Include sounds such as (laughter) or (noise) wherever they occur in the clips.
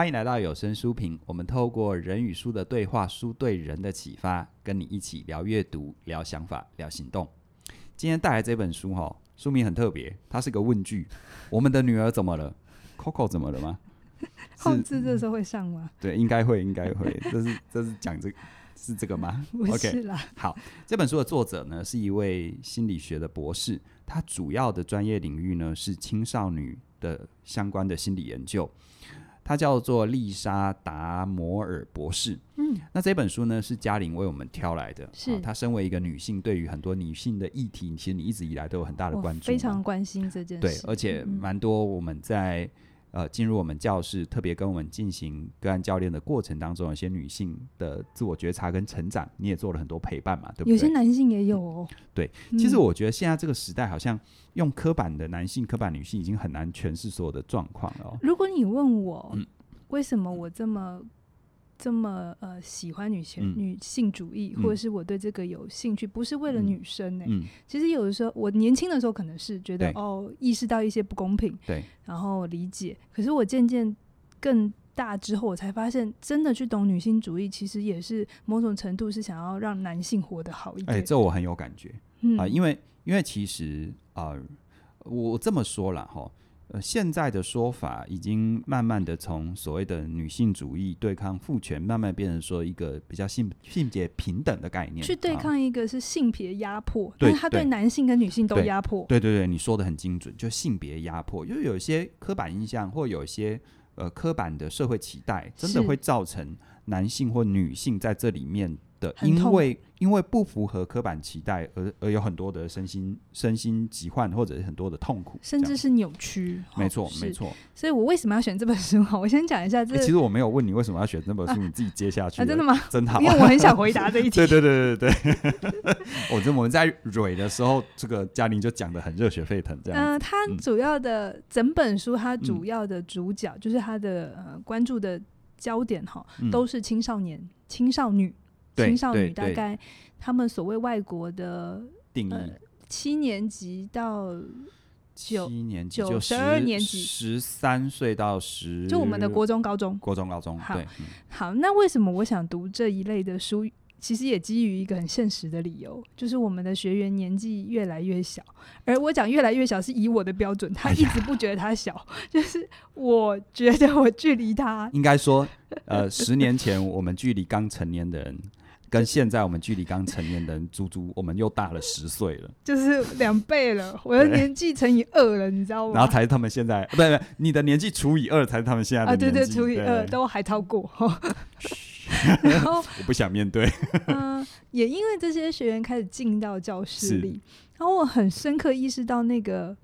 歡迎來到有聲書評。我們透過人與書的對話，書對人的啟發，跟你一起聊閱讀、聊想法、聊行動。今天帶來這本書哈，書名很特別，它是個問句：“ (laughs) 我們的女兒怎麼了？Coco 怎麼了嗎？” (laughs) 是控制這時候會上嗎？對，應該會，應該會。這是這是講這個，是這個嗎？ (laughs) 是啦。Okay, 好，這本書的作者呢是一位心理學的博士，他主要的專業領域呢是青少女的相關的心理研究。他叫做麗莎·達摩爾博士。嗯，那這本書呢是嘉玲為我們挑來的。是、啊，她身為一個女性，對於很多女性的議題，其實你一直以來都有很大的關注，非常關心這件事。對，而且蠻多我們在、嗯。在呃，進入我們教室，特別跟我們進行個案教練的過程當中，有些女性的自我覺察跟成長，你也做了很多陪伴嘛，對不對？有些男性也有哦。嗯、對，嗯、其實我覺得現在這個時代，好像用刻板的男性、刻板女性已經很難詮釋所有的狀況了哦。如果你問我，嗯、為什麼我這麼？這麼呃喜歡女性女性主義，嗯、或者是我對這個有興趣，不是為了女生呢、欸嗯嗯、其實有的時候，我年輕的時候可能是覺得對哦，意識到一些不公平，對，然後理解。可是我漸漸更大之後，我才發現，真的去懂女性主義，其實也是某種程度是想要讓男性活得好一點。哎、欸，這我很有感覺、嗯、啊，因為因為其實啊、呃，我這麼說了哈。呃，現在的說法已經慢慢的從所謂的女性主義對抗父權，慢慢變成說一個比較性性別平等的概念，去對抗一個是性別壓迫，因為、啊、它對男性跟女性都壓迫。對對對，你說的很精準，就性別壓迫，因為有些刻板印象或有一些呃刻板的社會期待，真的會造成男性或女性在這裡面的，因為因為不符合刻板期待而而有很多的身心身心疾患，或者是很多的痛苦，甚至是扭曲。沒錯，沒錯。所以我為什麼要選這本書？哈，我先講一下這。其實我沒有問你為什麼要選這本書，你自己接下去。真的嗎？真好，因為我很想回答這一題。對對對對對。我覺得我們，在蕊的時候，這個嘉玲就講得很熱血沸騰，這樣。嗯，它主要的整本書，它主要的主角就是他的呃，關注的焦點哈，都是青少年、青少女。對對對，青少女，大概他們所謂外國的定義，呃、年 9, 七年級到九年級，九十二年級，十三歲到十，就我們的國中、高中，國中、高中。好，對嗯、好，那為什麼我想讀這一類的書？其實也基於一個很現實的理由，就是我們的學員年紀越來越小，而我講越來越小是以我的標準，他一直不覺得他小，哎、呀就是我覺得我距離他應該說，呃， (laughs) 十年前我們距離剛成年的人，跟現在我們距離剛成年的人，足足 (laughs) 我們又大了十歲了，就是兩倍了，我的年紀乘以二了，對你知道嗎？然後才是他們現在不 (laughs) 對，不對，你的年紀除以二才是他們現在的年紀，啊、對，對對，除以二都還超過呵呵。 (laughs) 然後我不想面對。嗯 (laughs) 呃，也因為這些學員開始進到教室裡，是然後我很深刻意識到那個，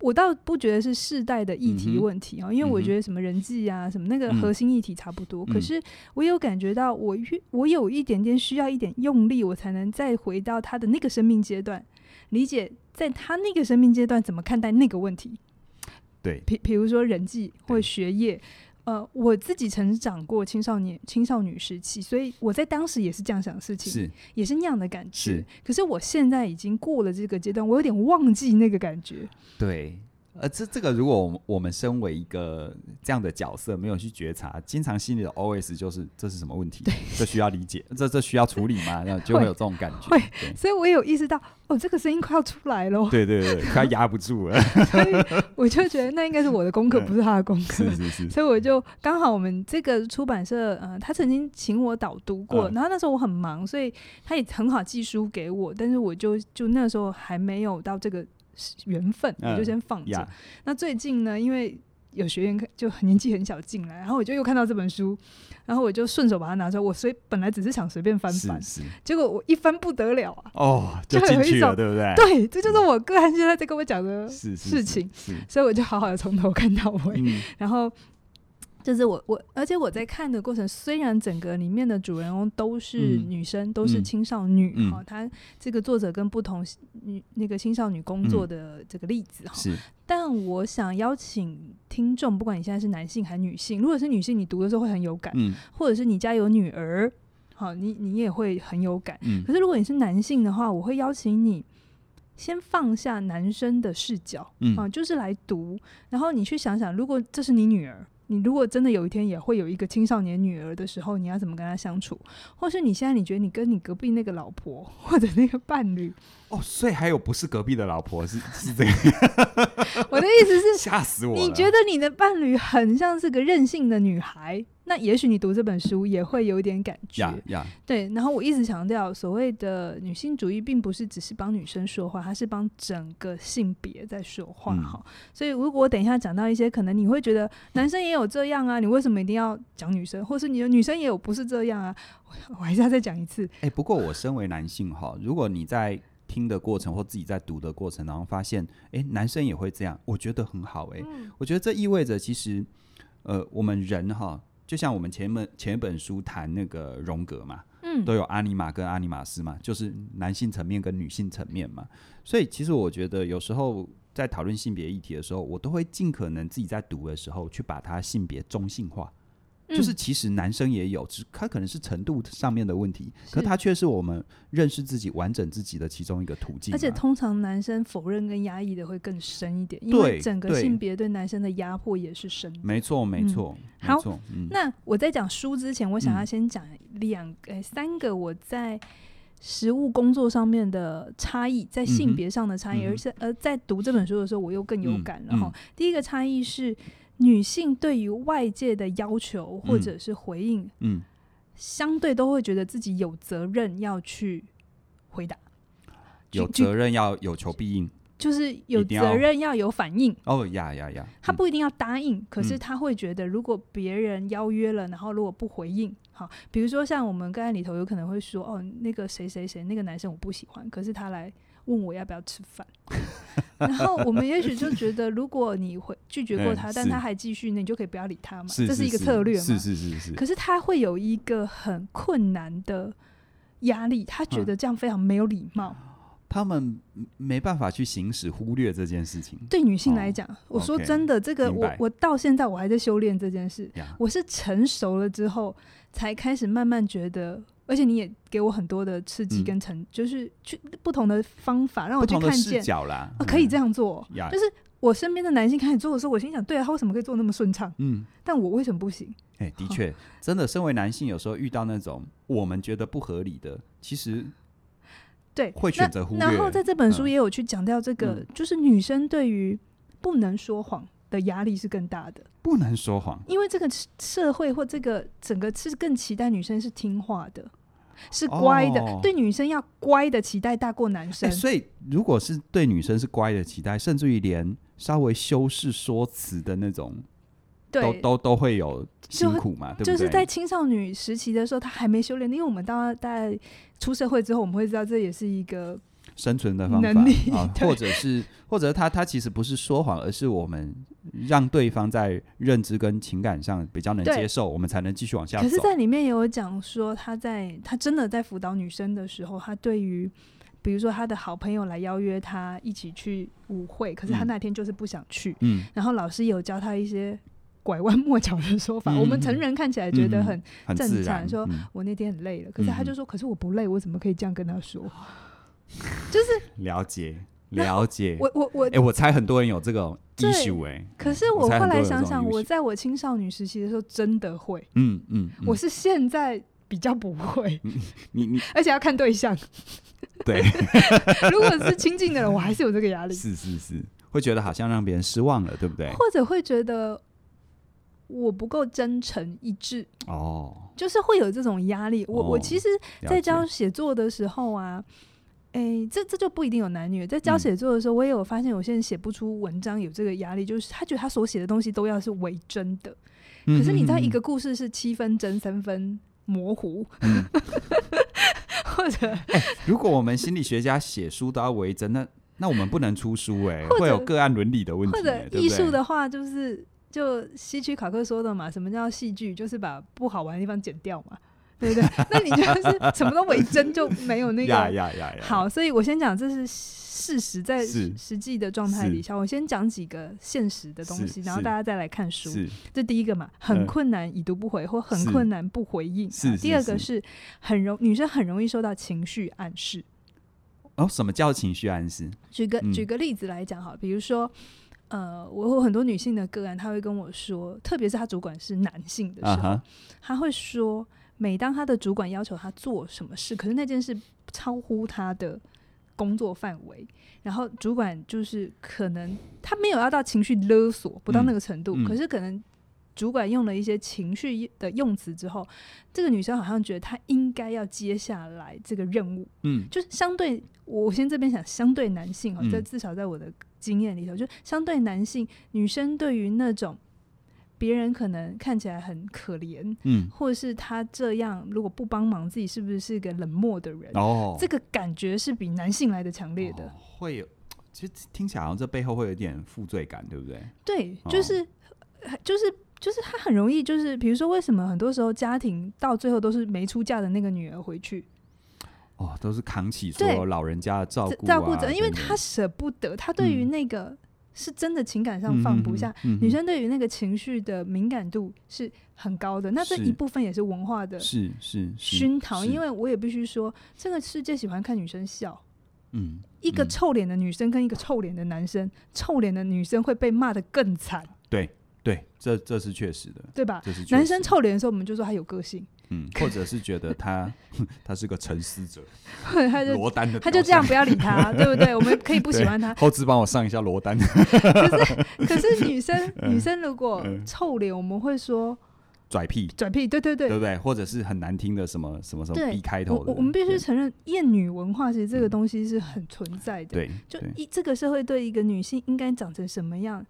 我倒不覺得是世代的議題問題啊，嗯、哼因為我覺得什麼人際啊，嗯、哼什麼那個核心議題差不多。嗯、可是我有感覺到我，我越我有一點點需要一點用力，我才能再回到他的那個生命階段，理解在他那個生命階段怎麼看待那個問題。對，比如說人際或學業。呃，我自己成長過青少年、青少女時期，所以我在當時也是這樣想的事情，是也是那樣的感覺，是。可是我現在已經過了這個階段，我有點忘記那個感覺，對。呃，這這個，如果我們身為一個這樣的角色，沒有去覺察，經常心裡的 OS 就是這是什麼問題？對這需要理解，這這需要處理嗎？對那就會有這種感覺。所以我也有意識到，哦，這個聲音快要出來了，對對對，快壓不住了。 (laughs) 所以我就覺得那應該是我的功課， (laughs) 不是他的功課。是是是。所以我就剛好我們這個出版社，嗯、呃，他曾經請我導讀過，嗯、然後那時候我很忙，所以他也很好寄書給我，但是我就就那時候還沒有到這個。緣分，我、嗯、就先放着。呀那最近呢，因為有學員就年紀很小進來，然後我就又看到這本書，然後我就順手把它拿出來。我所以本來只是想隨便翻翻，是是結果我一翻不得了啊！哦，就進去了，對不對？對，這就是我個人現在在跟我講的事情，是是是是是所以我就好好的從頭看到尾，嗯、然後。這是我我，而且我在看的過程，雖然整個裡面的主人公都是女生，嗯、都是青少女。她、嗯嗯喔、這個作者跟不同女那個青少女工作的這個例子，哈、嗯，但我想邀請聽眾，不管你現在是男性還是女性，如果是女性，你讀的時候會很有感，嗯、或者是你家有女兒，好、喔，你你也會很有感，嗯、可是如果你是男性的話，我會邀請你先放下男生的視角，嗯、喔、就是來讀，然後你去想想，如果這是你女兒。你如果真的有一天也會有一個青少年女兒的時候，你要怎麼跟她相處？或是你現在你覺得你跟你隔壁那個老婆或者那個伴侶？哦，所以還有不是隔壁的老婆，是是這個意思。我的意思是，嚇死我了！你覺得你的伴侶很像是個任性的女孩？那也許你讀這本書也會有一點感覺，呀 Yeah, yeah. 對。然後我一直強調，所謂的女性主義並不是只是幫女生說話，它是幫整個性別在說話哈。嗯、所以如果我等一下講到一些，可能你會覺得男生也有這樣啊，嗯、你為什麼一定要講女生？或是你的女生也有不是這樣啊？我還是要再講一次。哎、欸，不過我身為男性哈， (laughs) 如果你在聽的過程或自己在讀的過程，然後發現哎、欸，男生也會這樣，我覺得很好哎、欸。嗯、我覺得這意味着其實呃，我們人哈。呃就像我們前面前一本書談那個榮格嘛，嗯，都有阿尼瑪跟阿尼瑪斯嘛，就是男性層面跟女性層面嘛。所以其實我覺得有時候在討論性別議題的時候，我都會盡可能自己在讀的時候去把它性別中性化。嗯、就是其實男生也有，只他可能是程度上面的問題，是可他卻是我們認識自己、完整自己的其中一個途徑、啊。而且通常男生否認跟壓抑的會更深一點，對因為整個性別對男生的壓迫也是深。沒錯，沒錯，嗯、好沒錯。嗯、那我在講書之前，我想要先講兩個、嗯欸、三個我在實務工作上面的差異，在性別上的差異，嗯、哼而且呃在讀這本書的時候，我又更有感了。然後、嗯嗯、第一個差異是。女性對於外界的要求或者是回應，嗯，嗯相對都會覺得自己有責任要去回答，有責任要有求必應就，就是有責任要有反應。哦呀呀呀，他不一定要答應，嗯、可是他會覺得，如果別人邀約了，然後如果不回應，好、嗯，比如說像我們個案裡頭，有可能會說，哦，那個誰誰誰，那個男生我不喜歡，可是他來。問我要不要吃飯， (laughs) (laughs) 然後我們也許就覺得，如果你會拒絕過他，嗯、但他還繼續，那你就可以不要理他嘛，是是，這是一個策略嘛，是是是是。是是是是，可是他會有一個很困難的壓力，他覺得這樣非常沒有禮貌。他們沒辦法去行使忽略這件事情。對女性來講，哦、我說真的，okay, 這個我明白。我到現在我還在修煉這件事，Yeah. 我是成熟了之後才開始慢慢覺得。而且你也給我很多的刺激跟成，嗯、就是去不同的方法、嗯、讓我去看見，不同的視角啦，可以這樣做。嗯、就是我身邊的男性開始做的時候，我心想：對啊，他為什麼可以做那麼順暢？嗯，但我為什麼不行？哎、欸，的確，好真的，身為男性，有時候遇到那種我們覺得不合理的，其實對會選擇忽略對。然後在這本書也有去講到這個，嗯、就是女生對於不能說謊的壓力是更大的。不能說謊，因為這個社會或這個整個是更期待女生是聽話的。是乖的，哦、對女生要乖的期待大過男生，欸，所以如果是對女生是乖的期待，甚至於連稍微修飾說辭的那種，對都都都會有辛苦嘛，就對不對？就是在青少女時期的時候，她還沒修煉，因為我們到在出社會之後，我們會知道這也是一個。生存的方法力的啊，或者是，或者他他其實不是說謊，而是我們讓對方在認知跟情感上比較能接受，對我們才能繼續往下走。可是，在裡面也有講說，他在他真的在輔導女生的時候，他對於比如說他的好朋友來邀約他一起去舞會，可是他那天就是不想去。嗯，然後老師也有教他一些拐彎抹角的說法。嗯、我們成人看起來覺得很正常，嗯嗯、很自然、說我那天很累了，可是他就說，嗯、可是我不累，我怎麼可以這樣跟他說？就是了解，了解。我我我，哎，我猜很多人有這個 issue，哎。可是我後來想想，我在我青少女時期的時候，真的會。嗯嗯。我是現在比較不會。你你。而且要看對象。對。如果是親近的人，我還是有這個壓力。是是是，會覺得好像讓別人失望了，對不對？或者會覺得我不夠真誠一致。哦。就是會有這種壓力。我我其實，在教寫作的時候啊。哎、欸，這這就不一定有男女。在教寫作的時候，我也有發現，有些人寫不出文章有這個壓力，就是他覺得他所寫的東西都要是為真的。可是你知道，一個故事是七分真，三分模糊。嗯嗯嗯 (laughs) 或者、欸，如果我們心理學家寫書都要為真，那那我們不能出書哎、欸，者會有個案倫理的問題、欸。或者藝術的話、就是，就是就希區考克說的嘛，什麼叫戲劇，就是把不好玩的地方剪掉嘛。對對，那你覺得是什麼都偽真就沒有那個。好，所以我先講這是事實，在實際的狀態底下，我先講幾個現實的東西，然後大家再來看書。這第一個嘛，很困難，已讀不回或很困難不回應。第二個是，很容女生很容易受到情緒暗示。哦，什麼叫情緒暗示？舉個舉個例子來講哈，比如說，呃，我有很多女性的個案，她會跟我說，特別是她主管是男性的時候，她會說。每當他的主管要求他做什麼事，可是那件事超乎他的工作範圍，然後主管就是可能他沒有要到情緒勒索不到那個程度，嗯嗯、可是可能主管用了一些情緒的用詞之後，這個女生好像覺得她應該要接下來這個任務，嗯，就是相對我先這邊想，相對男性哈，在至少在我的經驗裡頭，就相對男性女生對於那種，別人可能看起來很可憐，嗯，或者是他這樣如果不幫忙，自己是不是是個冷漠的人？哦，這個感覺是比男性來的強烈的、哦。會有，其實聽起來好像這背後會有點負罪感，對不對？對，就是，哦、就是，就是他很容易，就是比如說，為什麼很多時候家庭到最後都是沒出嫁的那個女兒回去？哦，都是扛起所有老人家的照顧、啊，照顧着，因為他舍不得，他對於那個。嗯是真的情感上放不下，嗯嗯嗯、女生對於那個情緒的敏感度是很高的。是，那這一部分也是文化的，是是熏陶因為我也必須說，這個世界喜歡看女生笑。嗯，嗯，一個臭臉的女生跟一個臭臉的男生，臭臉的女生會被罵得更慘。對對，這這是確實的，對吧？男生臭臉的時候，我們就說他有個性。嗯，或者是覺得他 (laughs) 他是個沉思者，他就，他就這樣不要理他， (laughs) 對不對？我們可以不喜歡他。後製幫我上一下羅丹。 (laughs) (laughs) 可是可是女生女生如果臭臉，我們會說拽屁拽屁，對對對，對不對，對？或者是很難聽的什麼什麼什麼 B 開頭的。我我們必須承認，厭女文化其實這個東西是很存在的。對，對就一這個社會對一個女性應該長成什麼樣？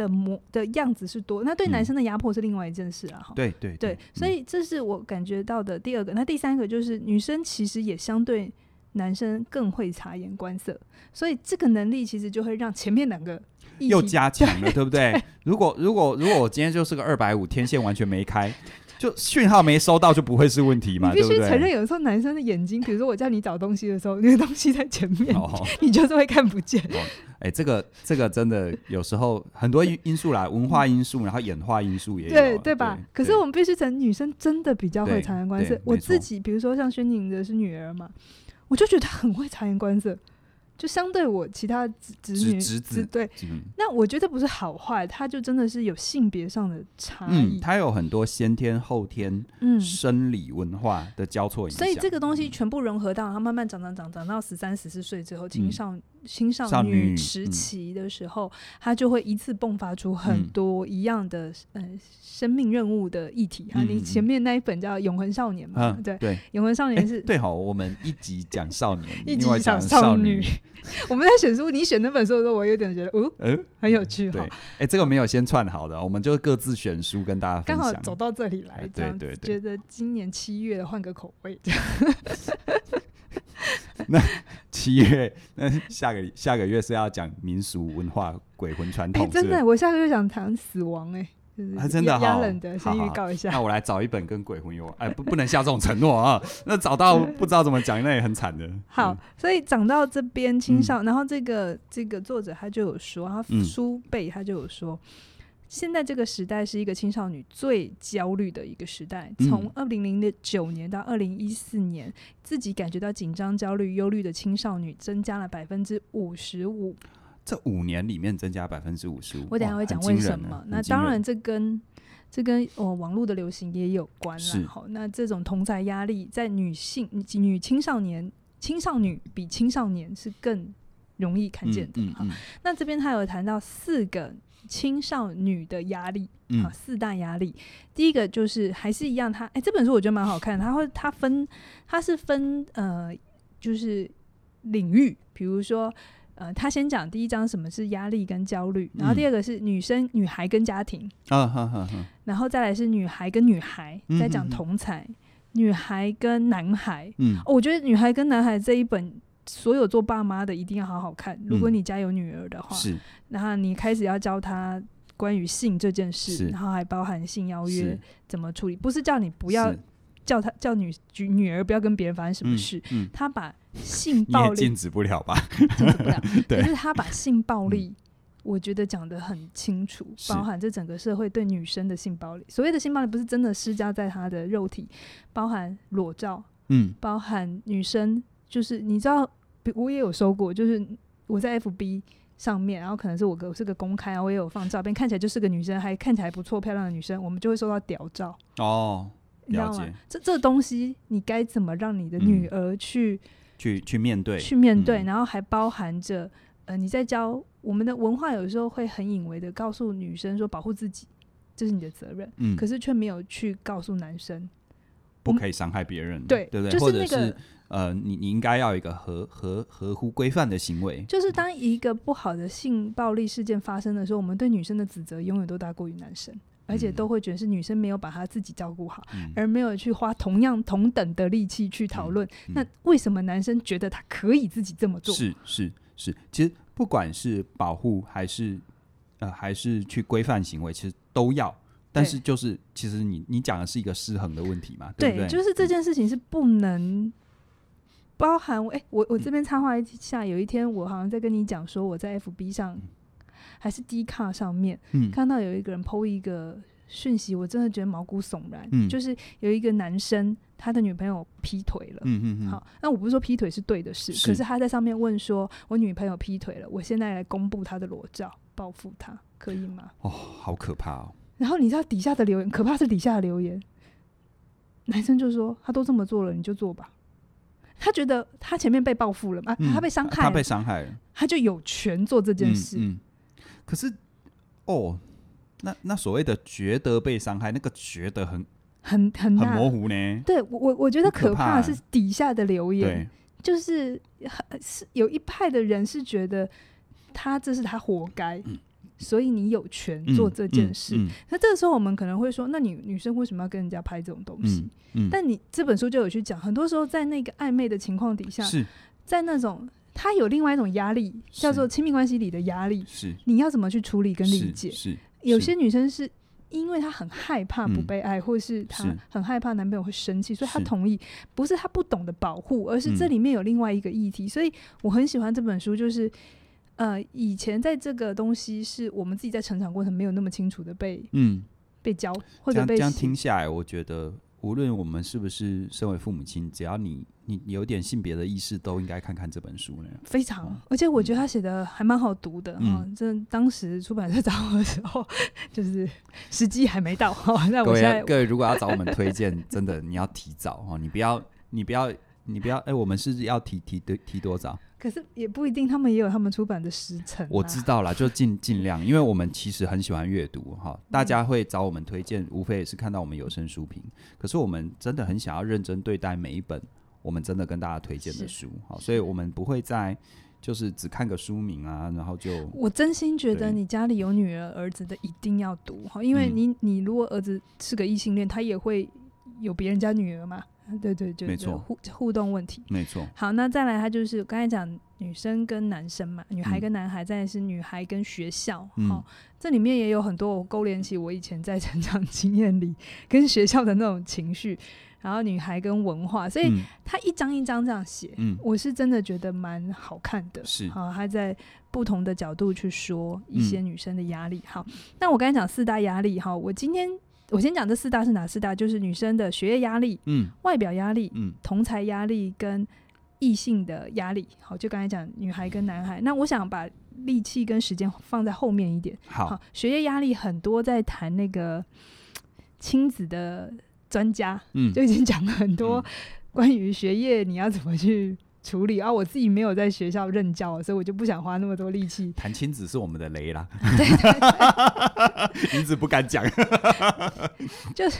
的模的樣子是多，那對男生的壓迫是另外一件事了，啊、哈、嗯。對對對，對，所以這是我感覺到的第二個。嗯、那，第三個就是女生其實也相對男生更會察言觀色，所以這個能力其實就會讓前面兩個又加強了，對，對不對？如果如果如果我今天就是個二百五，天線完全沒開。 (laughs) 就訊號沒收到就不會是問題嘛，對不對？必須承認，有時候男生的眼睛， (laughs) 比如說我叫你找東西的時候，那個東西在前面，oh. (laughs) 你就是會看不見。哎、oh. oh. 欸，這個這個真的有時候很多因素啦， (laughs) 文化因素，然後演化因素也有，對對吧？對，可是我們必須承認，女生真的比較會察言觀色。我自己比如說像軒寧的是女兒嘛，我就覺得她很會察言觀色。就相對我其他侄女侄子，子,子,子,子，對，嗯、那我覺得不是好壞，他就真的是有性別上的差異。嗯，他有很多先天後天、生理文化的交錯影響，嗯、所以這個東西全部融合到他慢慢長長長長到十三十四歲之後，青少年。青少女時期的時候，他就會一次迸發出很多一樣的嗯，生命任務的議題。哈，你前面那一本叫《永恆少年》嘛？對，《永恆少年》是。對，好，我們一集講少年，一集講少女。我們在選書，你選那本書的時候，我有點覺得，哦，很有趣哈。哎，這個沒有先串好的，我們就各自選書跟大家分享。剛好走到這裡來，這樣對，覺得今年七月換個口味。 (laughs) 那七月，那下個下個月是要講民俗文化、鬼魂傳統、欸。真的，是是我下個月想談死亡，哎、啊，真的、喔，好冷的，好好先預告一下好好。那我來找一本跟鬼魂有關，哎、欸，不，不能下這種承諾啊。 (laughs) 那找到不知道怎麼講，那也很慘的。好，所以講到這邊，青少、嗯、然後這個這個作者他就有說，他書背他就有說。嗯現在這個時代是一個青少女最焦慮的一個時代。從二零零九年到二零一四年，嗯、自己感覺到緊張、焦慮、憂慮的青少女增加了百分之五十五。這五年裡面增加百分之五十五，我等下會講為什麼。啊、那當然這，這跟這跟、哦、網絡的流行也有關啦。是。那這種同在壓力在女性、女青少年、青少女比青少年是更容易看見的。嗯嗯嗯、那這邊還有談到四個。青少女的壓力，嗯、啊，四大壓力。第一個就是還是一樣他，他、欸、哎，這本書我覺得蠻好看的，它會它分它是分呃就是領域，比如說呃，他先講第一章什麼是壓力跟焦慮，然後第二個是女生、嗯、女孩跟家庭，啊啊啊啊、然後再來是女孩跟女孩、嗯、哼再講同才，女孩跟男孩，嗯、哦，我覺得女孩跟男孩這一本。所有做爸媽的一定要好好看。如果你家有女兒的話，嗯、是，然後你開始要教她關於性這件事，是然後還包含性邀約怎麼處理。不是叫你不要叫她叫女女兒不要跟別人發生什麼事，她、嗯嗯、把性暴力你也禁止不了吧？ (laughs) 禁止不了。對，可是她把性暴力，我覺得講得很清楚，包含這整個社會對女生的性暴力。所謂的性暴力，不是真的施加在她的肉體，包含裸照，嗯，包含女生就是你知道。我也有收過，就是我在 FB 上面，然後可能是我個是個公開，啊，我也有放照片，看起來就是個女生，還看起來不錯漂亮的女生，我們就會收到屌照哦，你知道嗎？這這東西你該怎麼讓你的女兒去、嗯、去去面對？去面對，面對嗯、然後還包含着呃，你在教我們的文化，有時候會很隱微的告訴女生說保護自己這是你的責任，嗯、可是卻沒有去告訴男生不可以傷害別人，嗯、對，對對對，就是那個。呃，你你應該要一個合合合乎規範的行為，就是當一個不好的性暴力事件發生的時候，我們對女生的指責永遠都大過於男生，而且都會覺得是女生沒有把她自己照顧好，嗯、而沒有去花同樣同等的力氣去討論。嗯嗯、那為什麼男生覺得他可以自己這麼做？是是是，其實不管是保護還是呃還是去規範行為，其實都要，但是就是對其實你你講的是一個失衡的問題嘛，對不對？對，就是這件事情是不能。包含誒、欸，我我這邊插話一下。嗯、有一天，我好像在跟你講說，我在 FB 上、嗯、還是 D 卡上面、嗯、看到有一個人 PO 一個訊息，我真的覺得毛骨悚然。嗯、就是有一個男生，他的女朋友劈腿了。嗯、哼哼好，那我不是說劈腿是對的事，是可是他在上面問說：“我女朋友劈腿了，我現在來公布他的裸照，報復他，可以嗎？”哦，好可怕哦。然後你知道底下的留言可怕是底下的留言，男生就說：“他都這麼做了，你就做吧。”他覺得他前面被報復了嗎？他被傷害，他被傷害了，嗯、他，害了，他就有權做這件事。嗯嗯、可是，哦，那那所謂的覺得被傷害，那個覺得很很很很模糊呢。對我我我覺得可怕的是底下的留言，很欸、就是是有一派的人是覺得他這是他活該。嗯所以你有權做這件事。嗯嗯嗯、那這個時候，我們可能會說，那你女生為什麼要跟人家拍這種東西？嗯嗯、但你這本書就有去講，很多時候在那個曖昧的情況底下，是在那種他有另外一種壓力，叫做親密關係裡的壓力。是你要怎麼去處理跟理解？有些女生是因為她很害怕不被愛，嗯、或是她很害怕男朋友會生氣，所以她同意。是、不是她不懂得保護，而是這裡面有另外一個議題。嗯、所以我很喜歡這本書，就是。呃，以前在這個東西是我們自己在成長過程沒有那麼清楚的被嗯被教或者被這樣、這樣聽下來，我覺得無論我們是不是身為父母親，只要你你有點性別的意識，都應該看看這本書呢。非常，哦、而且我覺得他寫的還蠻好讀的啊、嗯哦。這當時出版社找我的時候，就是時機還沒到。那、哦、我現在各位，各位如果要找我們推薦， (laughs) 真的你要提早啊、哦，你不要你不要。你不要哎、欸，我們是要提提多提多少？可是也不一定，他們也有他們出版的時程、啊，我知道啦，就盡盡量，因為我們其實很喜歡閱讀哈。大家會找我們推薦，嗯、無非也是看到我們有聲書評。可是我們真的很想要認真對待每一本我們真的跟大家推薦的書，好是，所以我們不會再就是只看個書名啊，然後就。我真心覺得，你家裡有女兒兒子的一定要讀哈，因為你、嗯、你如果兒子是個異性戀，他也會有別人家女兒嘛。對對對，就沒錯，互互動問題，沒錯錯。好，那再來，他就是剛才講女生跟男生嘛，女孩跟男孩，嗯、再是女孩跟學校，好、嗯，這裡面也有很多我勾連起我以前在成長經驗裡跟學校的那種情緒，然後女孩跟文化，所以、嗯、他一張一張這樣寫，嗯，我是真的覺得蠻好看的，是好，他在不同的角度去說一些女生的壓力，嗯、好，那我剛才講四大壓力，哈，我今天。我先講這四大是哪四大，就是女生的學業壓力、嗯，外表壓力、嗯，同儕壓力跟異性的壓力。好，就剛才講女孩跟男孩。嗯，那我想把力氣跟時間放在後面一點。好，好，學業壓力，很多在談那個親子的專家，嗯，就已經講了很多關於學業你要怎麼去。處理啊，我自己沒有在學校任教，所以我就不想花那麼多力氣。談親子是我們的雷啦，名 (laughs) (laughs) (laughs) 子不敢講 (laughs) 。就是，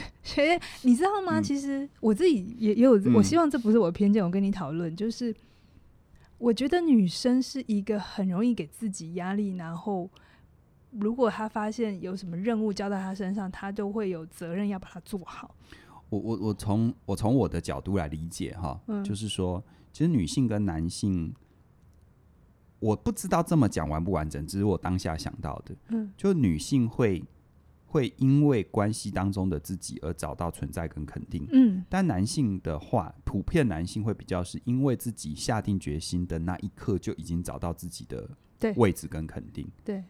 你知道嗎？嗯、其實我自己也也有，我希望這不是我的偏見。我跟你討論，嗯、就是我覺得女生是一個很容易給自己壓力，然後如果她發現有什麼任務交到她身上，她都會有責任要把它做好。我我我從我從我的角度來理解哈，嗯、就是說。其實女性跟男性，我不知道這麼講完不完整，只是我當下想到的。嗯，就女性會會因為關係當中的自己而找到存在跟肯定。嗯，但男性的話，普遍男性會比較是因為自己下定決心的那一刻就已經找到自己的對位置跟肯定。對，對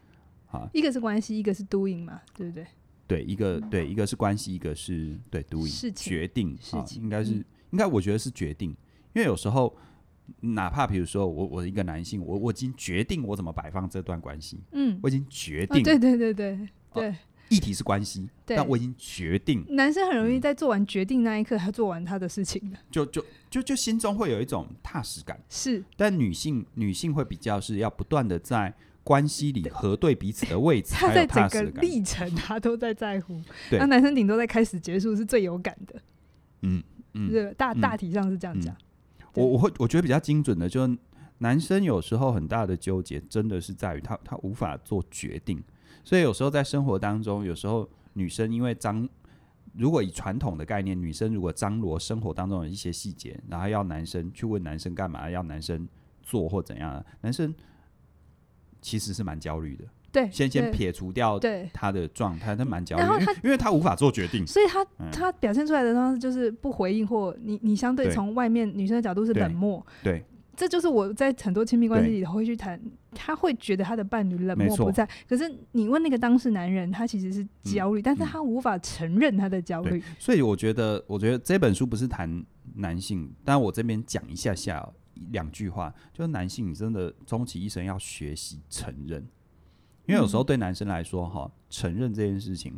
啊，一個是關係，一個是 doing 嘛，對不對？對，一個對，一個是關係，一個是對 doing 事情決定。啊、事情應該是、嗯、應該，我覺得是決定。因為有時候，哪怕比如說我我的一個男性，我我已經決定，我怎麼擺放這段關係，嗯，我已經決定，對對對對對，議題是關係，但我已經決定，男生很容易在做完決定那一刻，他做完他的事情了，就就就就心中會有一種踏實感，是，但女性女性會比較是要不斷的在關係裡核對彼此的位置，他在整個歷程，他都在在乎，對，那男生頂多在開始結束是最有感的，嗯嗯，這大大體上是這樣講。對我我會我覺得比較精準的，就是男生有時候很大的糾結，真的是在於他他無法做決定，所以有時候在生活當中，有時候女生因為張，如果以傳統的概念，女生如果張羅生活當中的一些細節，然後要男生去問男生幹嘛，要男生做或怎樣，男生其實是蠻焦慮的。對，對先先撇除掉他的狀態，對他蠻焦慮，因為他無法做決定，所以他、嗯、他表現出來的方式就是不回應或你你相對從外面女生的角度是冷漠，對，對這就是我在很多親密關係裡頭會去談，對他會覺得他的伴侶冷漠錯不在，可是你問那個當事男人，他其實是焦慮，嗯嗯、但是他無法承認他的焦慮。所以我覺得，我覺得這本書不是談男性，但我這邊講一下下、喔、兩句話，就是男性，你真的終其一生要學習承認。因為有時候對男生來說，哈、嗯，承認這件事情，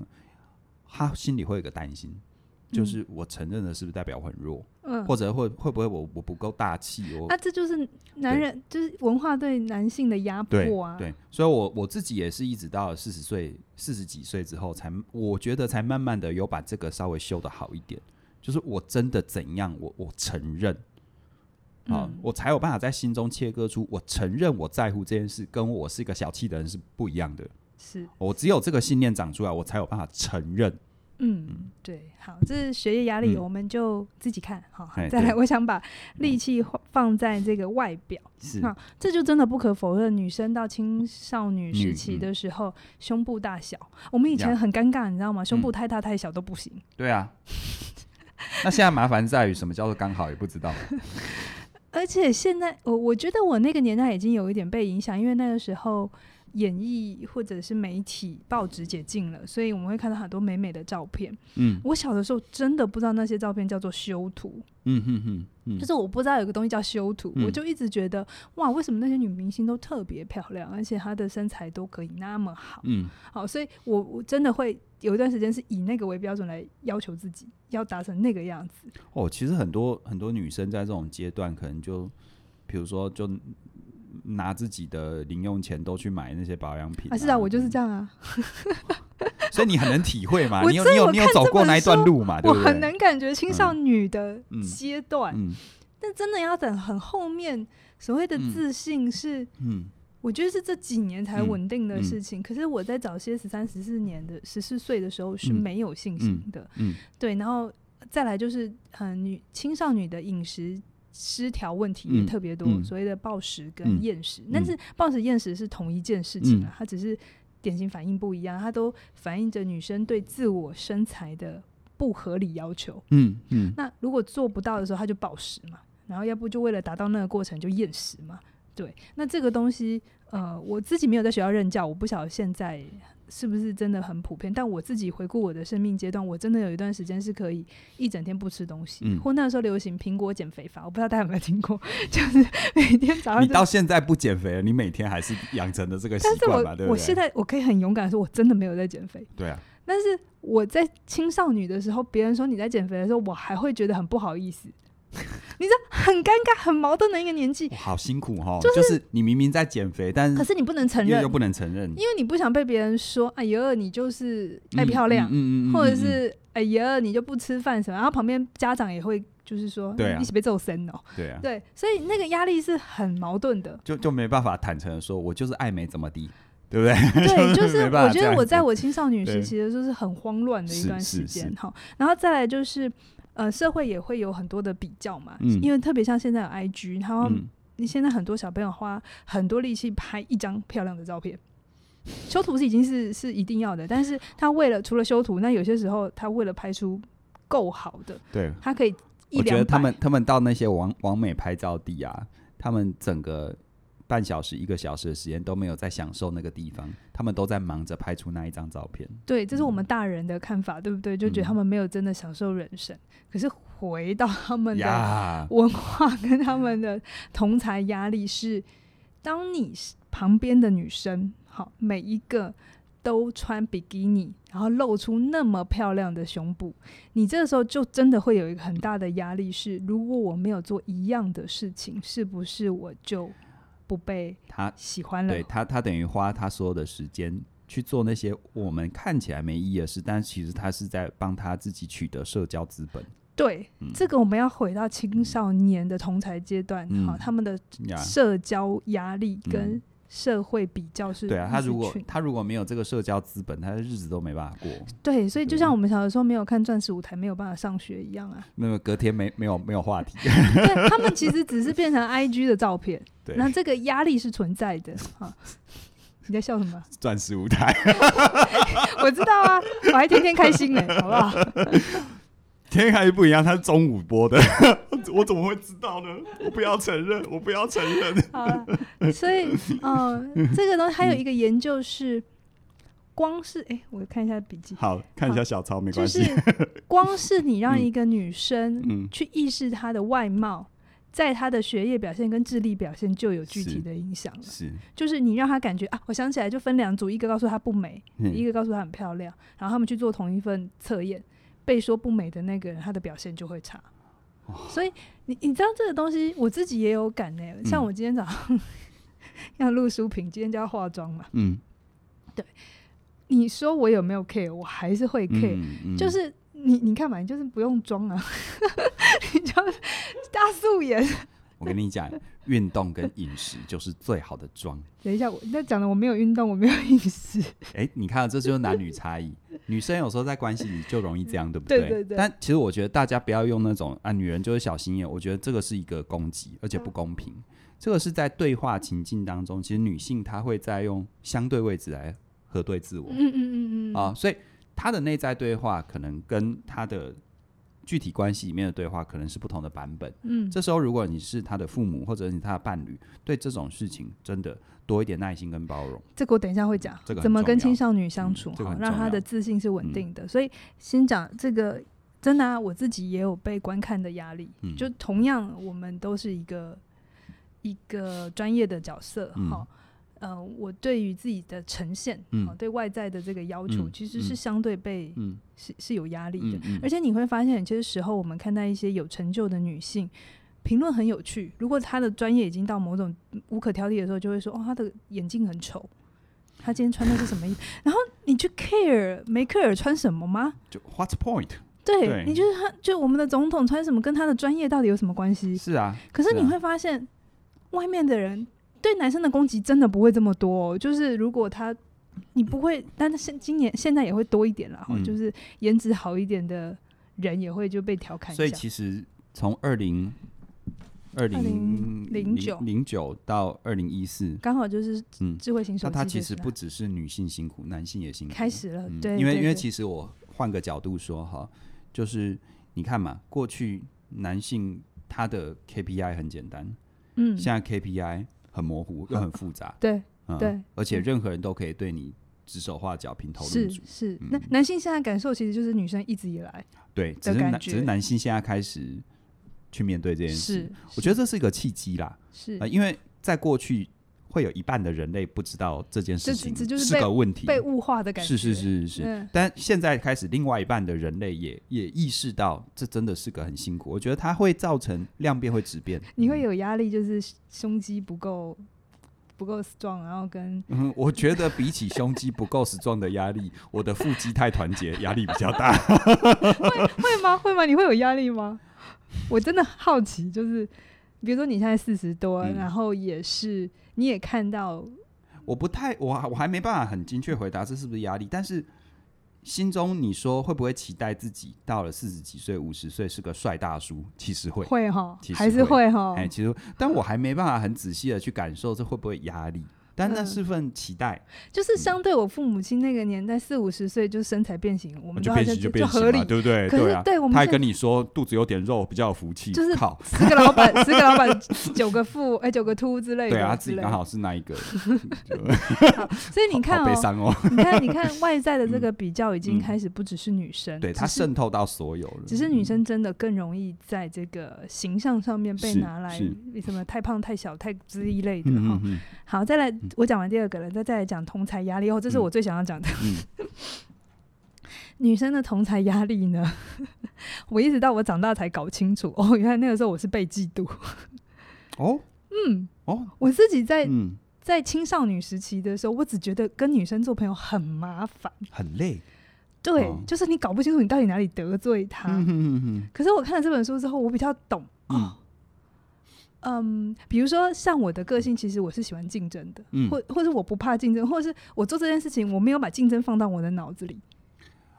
他心裡會有個擔心，嗯、就是我承認了是不是代表我很弱？嗯、呃，或者會會不會我我不夠大氣哦？啊，這就是男人對就是文化對男性的壓迫啊對。對，所以我，我我自己也是一直到四十歲、四十幾歲之後才，才我覺得才慢慢的有把這個稍微修得好一點。就是我真的怎樣我，我我承認。啊，我才有辦法在心中切割出我承認我在乎這件事，跟我是一個小氣的人是不一樣的。是，我只有這個信念長出來，我才有辦法承認。嗯，對，好，這是學業壓力，我們就自己看。好，再來，我想把力氣放在這個外表。是，好，這就真的不可否認，女生到青少女時期的時候，胸部大小，我們以前很尷尬，你知道嗎？胸部太大太小都不行。對啊，那現在麻煩在於什麼叫做剛好也不知道。而且現在，我我覺得我那個年代已經有一點被影響，因為那個時候。演藝或者是媒體報紙解禁了，所以我們會看到很多美美的照片。嗯，我小的時候真的不知道那些照片叫做修圖。嗯哼哼，嗯、就是我不知道有個東西叫修圖，嗯、我就一直覺得哇，為什麼那些女明星都特別漂亮，而且她的身材都可以那麼好？嗯，好，所以我我真的會有一段時間是以那個為標準來要求自己，要達成那個樣子。哦，其實很多很多女生在這種階段，可能就比如說就。拿自己的零用錢都去買那些保養品啊，啊！是啊，我就是這樣啊， (laughs) 所以你很能體會嘛？ (laughs) 真的 你有你有我看 你有走過那一段路嘛？我，對對，我很能感覺青少女的階段，嗯嗯、但真的要等很後面，所謂的自信是，嗯嗯、我覺得是這幾年才穩定的事情。嗯嗯嗯、可是我在早些十三、十四年的十四歲的時候是沒有信心的，嗯嗯嗯、對。然後再來就是，嗯，女青少女的飲食。失調問題也特別多，嗯嗯、所謂的暴食跟厭食，嗯嗯、但是暴食厭食是同一件事情啊，嗯、它只是典型反應不一樣，它都反映着女生對自我身材的不合理要求。嗯嗯，嗯那如果做不到的時候，它就暴食嘛，然後要不就為了達到那個過程就厭食嘛。對，那這個東西，呃，我自己沒有在學校任教，我不曉得現在。是不是真的很普遍？但我自己回顧我的生命階段，我真的有一段時間是可以一整天不吃東西。嗯，或那時候流行蘋果減肥法，我不知道大家有沒有聽過，就是每天早上。你到現在不減肥了，你每天還是養成的這個習慣吧？但是我，對不對？我現在我可以很勇敢的說，我真的沒有在減肥。對啊。但是我在青少女的時候，別人說你在減肥的時候，我還會覺得很不好意思。你知道很尷尬、很矛盾的一個年紀，好辛苦哦，就是你明明在減肥，但是可是你不能承認，又不能承認，因為你不想被別人說哎，呦你就是愛漂亮，嗯嗯，或者是哎呦你就不吃飯什麼，然後旁邊家長也會就是說，一起被揍生哦，對啊，對，所以那個壓力是很矛盾的，就就沒辦法坦誠的說，我就是愛美怎麼的，對不對？對，就是我覺得我在我青少女時期的就是很慌亂的一段時間哈，然後再來就是。呃，社會也會有很多的比較嘛，嗯、因為特別像現在有 IG，他，你現在很多小朋友花很多力氣拍一張漂亮的照片，修圖是已經是是一定要的，但是他為了除了修圖，那有些時候他為了拍出夠好的，對，他可以一兩，我覺得他們他們到那些網美拍照地啊，他們整個。半小時、一個小時的時間都沒有在享受那個地方，他們都在忙着拍出那一張照片。對，這是我們大人的看法，對不對？就覺得他們沒有真的享受人生。嗯、可是回到他們的文化跟他們的同儕壓力是，呀 (laughs) 當你旁邊的女生，好每一個都穿比基尼，然後露出那麼漂亮的胸部，你這個時候就真的會有一個很大的壓力是，是如果我沒有做一樣的事情，是不是我就？不被他喜歡了，對他，他等於花他所有的時間去做那些我們看起來沒意義的事，但其實他是在幫他自己取得社交資本。對、嗯、這個，我們要回到青少年的同儕階段，嗯、好，他們的社交壓力跟、嗯。社會比較是對啊，他如果他如果沒有這個社交資本，他的日子都沒辦法過。對，所以就像我們小的時候沒有看《鑽石舞台》，沒有辦法上學一樣啊。那麼隔天沒沒有沒有話題。 (laughs) 對，他們其實只是變成 IG 的照片。對。那這個壓力是存在的啊。你在笑什麼？鑽石舞台。 (laughs) (laughs) 我知道啊，我還天天開心呢、欸，好不好？天還是不一樣，他是中午播的， (laughs) 我怎麼會知道呢？ (laughs) 我不要承認，我不要承認。好，所以，嗯、呃，這個東西還有一個研究是，光是哎、欸，我看一下筆記，嗯、好，看一下小抄好沒關係。就是光是你讓一個女生去意識她的外貌，在她的學業表現跟智力表現就有具體的影響了。是，是就是你讓她感覺啊，我想起來，就分兩組，一個告訴她不美，嗯、一個告訴她很漂亮，然後他們去做同一份測驗。被說不美的那個人，他的表現就會差。哦、所以你你知道這個東西，我自己也有感呢、欸。像我今天早上、嗯、要錄書評，今天就要化妝嘛。嗯，對。你說我有沒有 care？我還是會 care、嗯。嗯、就是你你看嘛，你就是不用裝啊， (laughs) 你就大素顏。我跟你講，運動跟飲食就是最好的妝。等一下，我那講的我沒有運動，我沒有飲食。哎、欸，你看了，這就是男女差異。女生有時候在關係裡就容易這樣， (laughs) 對不對？對對對。但其實我覺得大家不要用那種啊，女人就是小心眼。我覺得這個是一個攻擊，而且不公平。啊、這個是在對話情境當中，其實女性她會在用相對位置來核對自我。嗯嗯嗯嗯。啊，所以她的內在對話可能跟她的具體關係裡面的對話可能是不同的版本。嗯，這時候如果你是她的父母或者是她的伴侶，對這種事情真的。多一點耐心跟包容，這個我等一下會講，怎麼跟青少女相處，哈，讓她的自信是穩定的。所以先講這個，真的啊，我自己也有被觀看的壓力，就同樣我們都是一個一個專業的角色，哈，呃，我對於自己的呈現，對外在的這個要求，其實是相對被是是有壓力的。而且你會發現，有些時候我們看到一些有成就的女性。評論很有趣。如果他的專業已經到某種無可挑剔的時候，就會說：“哦，他的眼鏡很醜。”他今天穿的是什麼衣服？然後你去 care 梅克爾穿什麼嗎？就 what's the point？對，對你就是他就我們的總統穿什麼，跟他的專業到底有什麼關係？是啊。可是你會發現，啊、外面的人對男生的攻擊真的不會這麼多，哦。就是如果他，你不會，但是今年現在也會多一點了。嗯、就是顏值好一點的人也會就被調侃一下。所以其實從二零。二零零九到二零一四，剛好就是、嗯、智慧型手機、嗯。那它其實不只是女性辛苦，男性也辛苦。開始了，嗯、對，對，因為因為其實我換個角度說哈，就是你看嘛，過去男性他的 KPI 很簡單，嗯，現在 KPI 很模糊又很複雜，嗯、對對、嗯，而且任何人都可以對你指手畫腳、評頭論足，是、嗯、那男性現在感受其實就是女生一直以來對，只是男只是男性現在開始。去面對這件事，我覺得這是一個契機啦。是啊，呃，因為在過去會有一半的人類不知道這件事情是個問題，被，被物化的感覺。是是是是是，對但現在開始，另外一半的人類也也意識到，這真的是個很辛苦。我覺得它會造成量變會質變。你會有壓力，就是胸肌不夠不夠壯，然後跟、嗯、我覺得比起胸肌不夠 strong 的壓力， (laughs) 我的腹肌太團結，壓力比較大。 (laughs) 會，會嗎？會嗎？你會有壓力嗎？ (laughs) 我真的好奇，就是比如說你現在四十多，嗯、然後也是你也看到，我不太我我還沒辦法很精確回答，這是不是壓力，但是心中你說會不會期待自己到了四十幾歲、五十歲是個帥大叔？其實會會哈，其實還是會哈。哎、欸，其實但我還沒辦法很仔細的去感受這會不會壓力。但那是份期待，就是相對我父母親那個年代，四五十歲就身材變形，我們就變形就變形嘛，對不對？可是對我們他還跟你說肚子有點肉，比較有福氣，就是好。十個老闆，十個老闆，九個富，哎，九個禿之類的，對啊，他自己剛好是那一個。好，所以你看哦，你看，你看外在的這個比較已經開始不只是女生，對，她滲透到所有了。只是女生真的更容易在這個形象上面被拿來什麼太胖、太小、太之一類的哈。好，再來。我講完第二個了，再再來講同儕壓力後，這是我最想要講的。嗯嗯、女生的同儕壓力呢？我一直到我長大才搞清楚哦，原來那個時候我是被嫉妒。哦，嗯，哦，我自己在、哦、在青少女時期的時候，我只覺得跟女生做朋友很麻煩，很累。對，哦、就是你搞不清楚你到底哪裡得罪她。嗯、哼哼哼，可是我看了這本書之後，我比較懂、嗯、啊。嗯，um, 比如說像我的個性，其實我是喜歡競爭的，嗯、或或者我不怕競爭，或者是我做這件事情，我沒有把競爭放到我的腦子裡，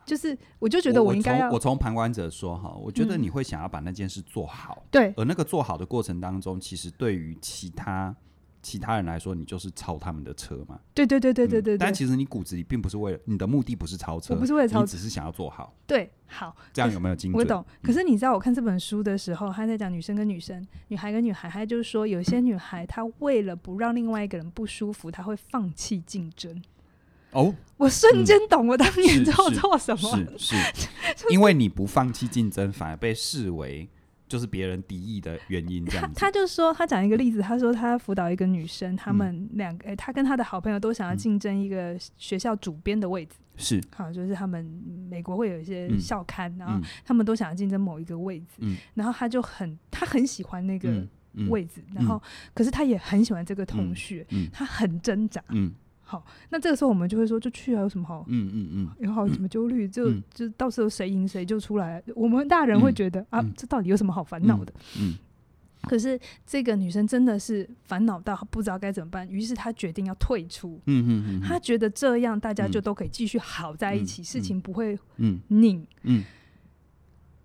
就是我就覺得我應該要，我從旁觀者說哈，我覺得你會想要把那件事做好，對、嗯，而那個做好的過程當中，其實對於其他。其他人來說，你就是超他們的車嘛？對對對對對對、嗯。但其實你骨子裡並不是為了你的目的，不是超車，不是為了超車，你只是想要做好。對，好，這樣有沒有競爭？我懂。可是你知道，我看這本書的時候，他在講女生跟女生、女孩跟女孩，他就是說，有些女孩、嗯、她為了不讓另外一個人不舒服，她會放棄競爭。哦，我瞬間懂我當年知道我、嗯、做什麼了。是，是、 (laughs) 就是、因為你不放棄競爭，反而被視為。就是別人敵意的原因這樣子，他他就說，他講一個例子，他說他輔導一個女生，嗯、他們兩個、欸，他跟他的好朋友都想要競爭一個學校主編的位置。是、嗯，好，就是他們美國會有一些校刊，嗯、然後他們都想要競爭某一個位置。嗯、然後他就很，他很喜歡那個位置，嗯嗯、然後可是他也很喜歡這個同學，嗯嗯、他很掙扎。嗯嗯好，那這個時候我們就會說，就去、啊、有什麼好？嗯嗯嗯，嗯有好什麼焦慮？嗯、就就到時候誰贏誰就出來、啊。我們大人會覺得、嗯、啊，這到底有什麼好煩惱的？嗯嗯、可是這個女生真的是煩惱到不知道該怎麼辦，於是她決定要退出。嗯嗯，嗯她覺得這樣大家就都可以繼續好在一起，嗯、事情不會擰。嗯嗯嗯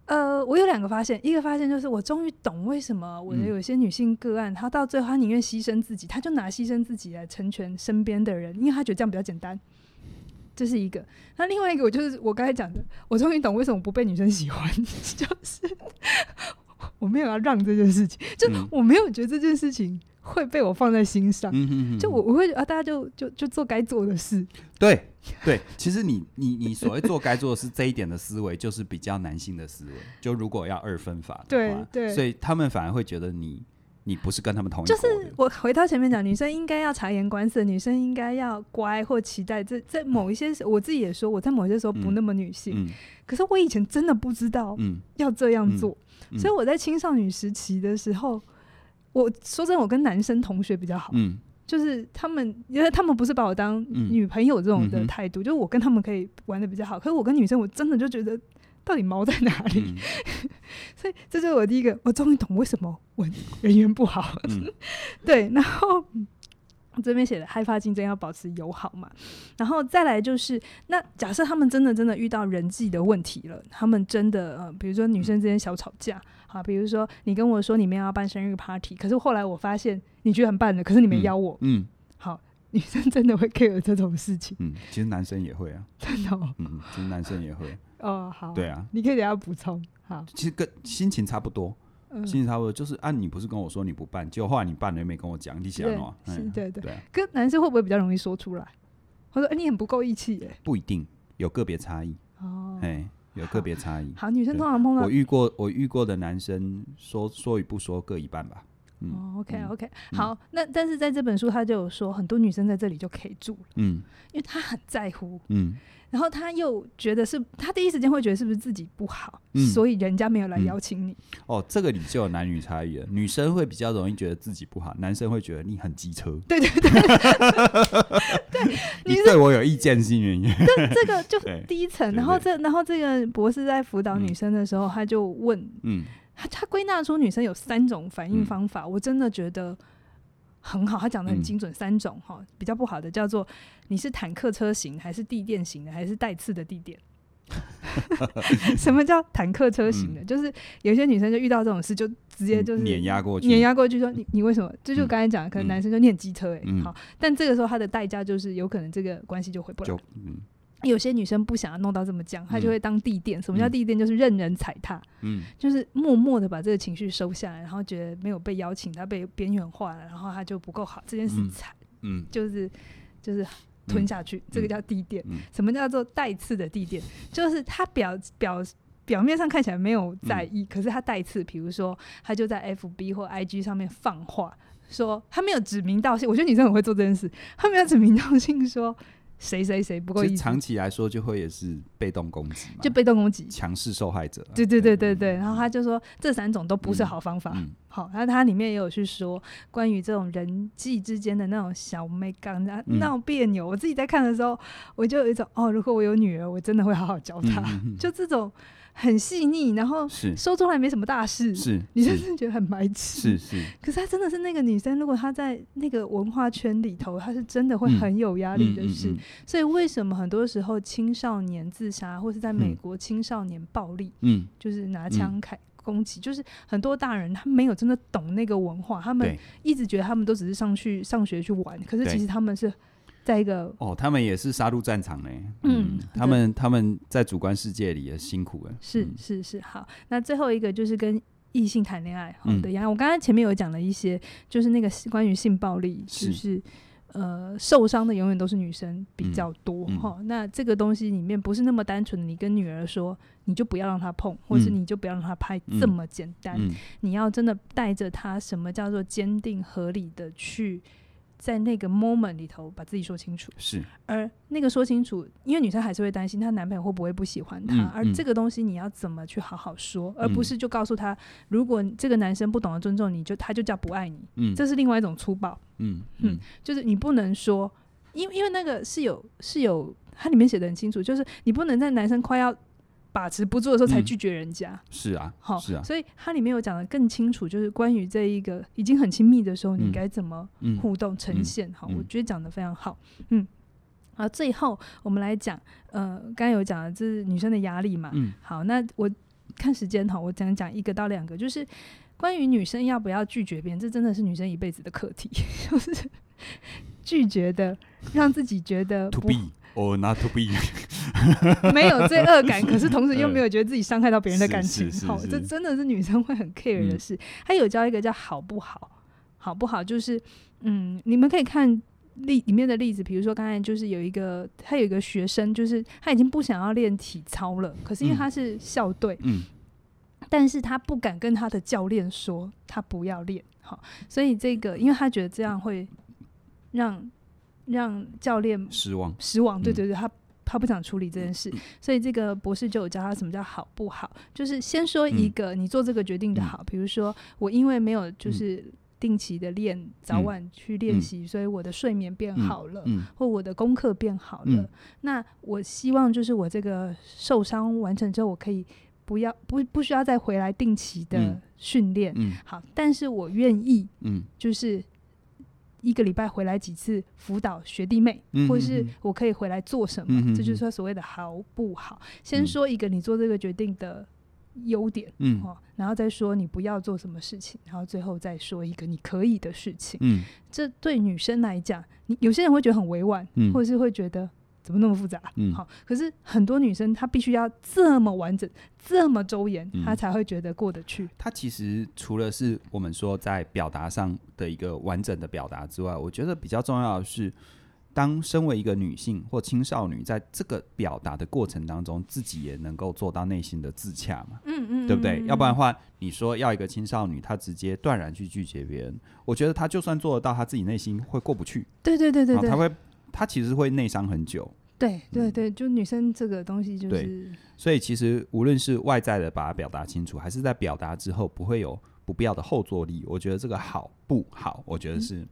呃，我有兩個發現，一個發現就是我終於懂為什麼我的有些女性個案，她，嗯、到最後她寧願犧牲自己，她就拿犧牲自己來成全身邊的人，因為她覺得這樣比較簡單。這是一個。那另外一個我就是我剛才講的，我終於懂為什麼不被女生喜歡，嗯、 (laughs) 就是。我沒有要讓這件事情，就我沒有覺得這件事情會被我放在心上。嗯、哼哼哼就我我會覺得大家就就就做該做的事。對對，對 (laughs) 其實你你你所謂做該做的事，這一點的思維就是比較男性的思維。就如果要二分法的話，對，對所以他們反而會覺得你。你不是跟他們同一國的，就是我回到前面講，女生應該要察言觀色，女生應該要乖或期待。這在某一些時候，我自己也說，我在某一些時候不那麼女性。嗯嗯、可是我以前真的不知道要這樣做，嗯嗯嗯、所以我在青少女時期的時候，我說真的，我跟男生同學比較好。嗯、就是他們，因為他們不是把我當女朋友這種的態度，嗯嗯、就是我跟他們可以玩得比較好。可是我跟女生，我真的就覺得到底貓在哪裡？嗯 (laughs) 所以，這是我第一個，我終於懂為什麼我人緣不好。嗯、 (laughs) 對，然後這邊寫的害怕競爭，要保持友好嘛。然後再來就是，那假設他們真的真的遇到人際的問題了，他們真的呃，比如說女生之間小吵架，好、嗯啊，比如說你跟我說你們要辦生日 party，可是後來我發現你居然辦了，可是你沒邀我。嗯，嗯好，女生真的會 care 這種事情。嗯，其實男生也會啊。真的、哦。嗯，其實男生也會。哦，好，對啊，你可以等下補充。好，其實跟心情差不多，嗯、心情差不多就是啊，你不是跟我說你不辦，結果後來你辦了又沒跟我講，你想嘛？嗯對。哎、呀對對。對啊、跟男生會不會比較容易說出來？我說，哎、欸，你很不夠義氣耶。不一定，有個別差異。哦，哎、欸，有個別差異。好，對好，女生通常碰到我遇過，我遇過的男生說說與不說各一半吧。哦，OK，OK，好，那但是在這本書，他就有說很多女生在這裡就可以住了，嗯，因為她很在乎，嗯，然後他又覺得是，他第一時間會覺得是不是自己不好，所以人家沒有來邀請你。哦，這個你就有男女差異了，女生會比較容易覺得自己不好，男生會覺得你很機車。對對對，對，你對我有意見，性原因。這這個就是第一層，然後這然後這個博士在輔導女生的時候，他就問，嗯。他歸納出女生有三種反應方法，嗯、我真的覺得很好。他講得很精準，嗯、三種哈，比較不好的叫做你是坦克車型還是地墊型的還是帶刺的地墊。 (laughs) (laughs) 什麼叫坦克車型的？嗯、就是有些女生就遇到這種事就直接就是、嗯、碾壓過去，碾壓過去說你你為什麼？這、嗯、就剛才講的，可能男生就念機車誒、欸。嗯、好，但這個時候他的代價就是有可能這個關係就回不來了。有些女生不想要弄到這麼僵，她就會當地墊。嗯、什麼叫地墊？嗯、就是任人踩踏，嗯，就是默默的把這個情緒收下來，然後覺得沒有被邀請，她被邊緣化了，然後她就不夠好這件事踩，嗯、就是，就是就是吞下去。嗯、這個叫地墊。嗯、什麼叫做帶刺的地墊？嗯、就是她表表表面上看起來沒有在意，嗯、可是她帶刺。比如說，她就在 FB 或 IG 上面放話，說她沒有指名道姓。我覺得女生很會做這件事，她沒有指名道姓說。誰誰誰不夠意思，長期來說就會也是被動攻擊，就被動攻擊，強勢受害者、啊。對對對對對，嗯、然後他就說這三種都不是好方法。嗯嗯、好，然後他裡面也有去說關於這種人際之間的那種小妹槓、鬧彆扭。嗯、我自己在看的時候，我就有一種哦，如果我有女兒，我真的會好好教她。嗯嗯嗯，就這種。很細膩，然後說出來沒什麼大事，是你真的覺得很白痴。是是，可是她真的是那個女生，如果她在那個文化圈裡頭，她是真的會很有壓力的事。所以為什麼很多時候青少年自殺，或是在美國青少年暴力，嗯，就是拿槍開攻擊，嗯嗯、就是很多大人他沒有真的懂那個文化，他們一直覺得他們都只是上去上學去玩，可是其實他們是。再一個哦，他們也是殺入戰場呢？嗯，他們這他們在主觀世界裡也辛苦了。是是是，好。那最後一個就是跟異性談戀愛的呀，嗯。我剛才前面有講了一些，就是那個關於性暴力，就是，是呃受傷的永遠都是女生比較多哈，嗯。那這個東西裡面不是那麼單純的，你跟女兒說你就不要讓她碰，或是你就不要讓她拍，嗯，這麼簡單，嗯嗯，你要真的帶着她，什麼叫做堅定合理的去。在那個 moment 裡頭把自己說清楚，是，而那個說清楚，因為女生還是會擔心她男朋友會不會不喜歡她，嗯嗯、而這個東西你要怎麼去好好說，嗯、而不是就告訴她，如果這個男生不懂得尊重你就，就他就叫不愛你，嗯、這是另外一種粗暴，嗯，嗯，就是你不能說，因為因為那個是有是有，它裡面寫的很清楚，就是你不能在男生快要。把持不住的時候才拒絕人家。是啊，好，是啊，好是啊，所以它裡面有講得更清楚，就是關於這一個已經很親密的時候，你該怎麼互動呈現。嗯嗯、好，我覺得講得非常好，嗯，嗯好，最後我們來講，呃，剛才有講了，這是女生的壓力嘛，嗯、好，那我看時間哈，我講講一個到兩個，就是關於女生要不要拒絕別人，這真的是女生一輩子的課題， (laughs) 就是拒絕的，讓自己覺得不。 (laughs) 哦 Not to be，沒有罪惡感， (laughs) 可是同時又沒有覺得自己傷害到別人的感情，好、呃，哦、這真的是女生會很 care 的事。她、嗯、有教一個叫“好不好，好不好”，就是嗯，你們可以看例裡面的例子，比如說剛才就是有一個，他有一個學生，就是他已經不想要練體操了，可是因為他是校隊，嗯，但是他不敢跟他的教練說他不要練，好、哦，所以這個因為他覺得這樣會讓。讓教練失望，失望。對對對，他他不想處理這件事，所以這個博士就有教他什麼叫好不好？就是先說一個你做這個決定的好，比如說我因為沒有就是定期的練，早晚去練習，所以我的睡眠變好了，或我的功課變好了。那我希望就是我這個受傷完成之後，我可以不要不不需要再回來定期的訓練，好，但是我願意，嗯，就是。一個禮拜回來幾次輔導學弟妹，嗯嗯嗯，或者是我可以回來做什麼？嗯嗯嗯這就是他所謂的好不好？先說一個你做這個決定的優點，嗯嗯，然後再說你不要做什麼事情，然後最後再說一個你可以的事情，嗯，這對女生來講，你有些人會覺得很委婉，或者是會覺得。怎麼那麼複雜？嗯，好。可是很多女生她必須要這麼完整、這麼周延，她才會覺得過得去。她、嗯、其實除了是我們說在表達上的一個完整的表達之外，我覺得比較重要的是，當身為一個女性或青少女，在這個表達的過程當中，自己也能夠做到內心的自洽嘛。嗯嗯，嗯對不對？嗯嗯、要不然的話，你說要一個青少女，她直接斷然去拒絕別人，我覺得她就算做得到，她自己內心會過不去。對對對對對，她會。他其實會內傷很久。對對對，嗯、就女生這個東西就是。對。所以其實無論是外在的把它表達清楚，還是在表達之後不會有不必要的後坐力，我覺得這個好不好？我覺得是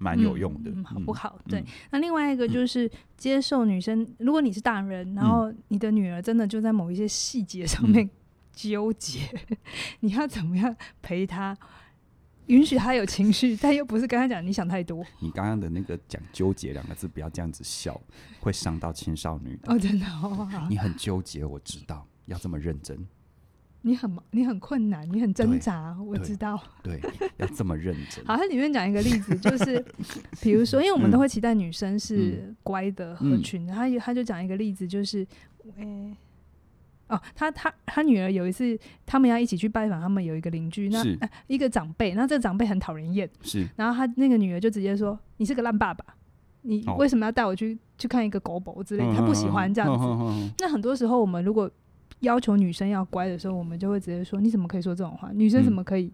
蠻有用的。好不好？嗯、對。那另外一個就是接受女生，嗯、如果你是大人，然後你的女兒真的就在某一些細節上面糾結，嗯、 (laughs) 你要怎麼樣陪她？允許他有情緒，但又不是跟他講你想太多。 (laughs) 你剛剛的那個講糾結兩個字，不要這樣子笑，會傷到青少女的。Oh, 的哦，真的，你很糾結，我知道，要這麼認真。你很你很困難，你很掙扎，對我知道對。對，要這麼認真。 (laughs) 好，他裡面講一個例子，就是比如說，因為我們都會期待女生是乖的、 (laughs) 嗯、合群的，然後他就講一個例子，就是，哎、欸。哦，他他他女兒有一次，他們要一起去拜訪他們有一個鄰居，那一個長輩，那這個長輩很討人厭。是，然後他那個女兒就直接說：“你是個爛爸爸，你為什麼要帶我去去看一個狗伯之類的？他不喜歡這樣子。”那很多時候，我們如果要求女生要乖的時候，我們就會直接說：“你怎麼可以說這種話？女生怎麼可以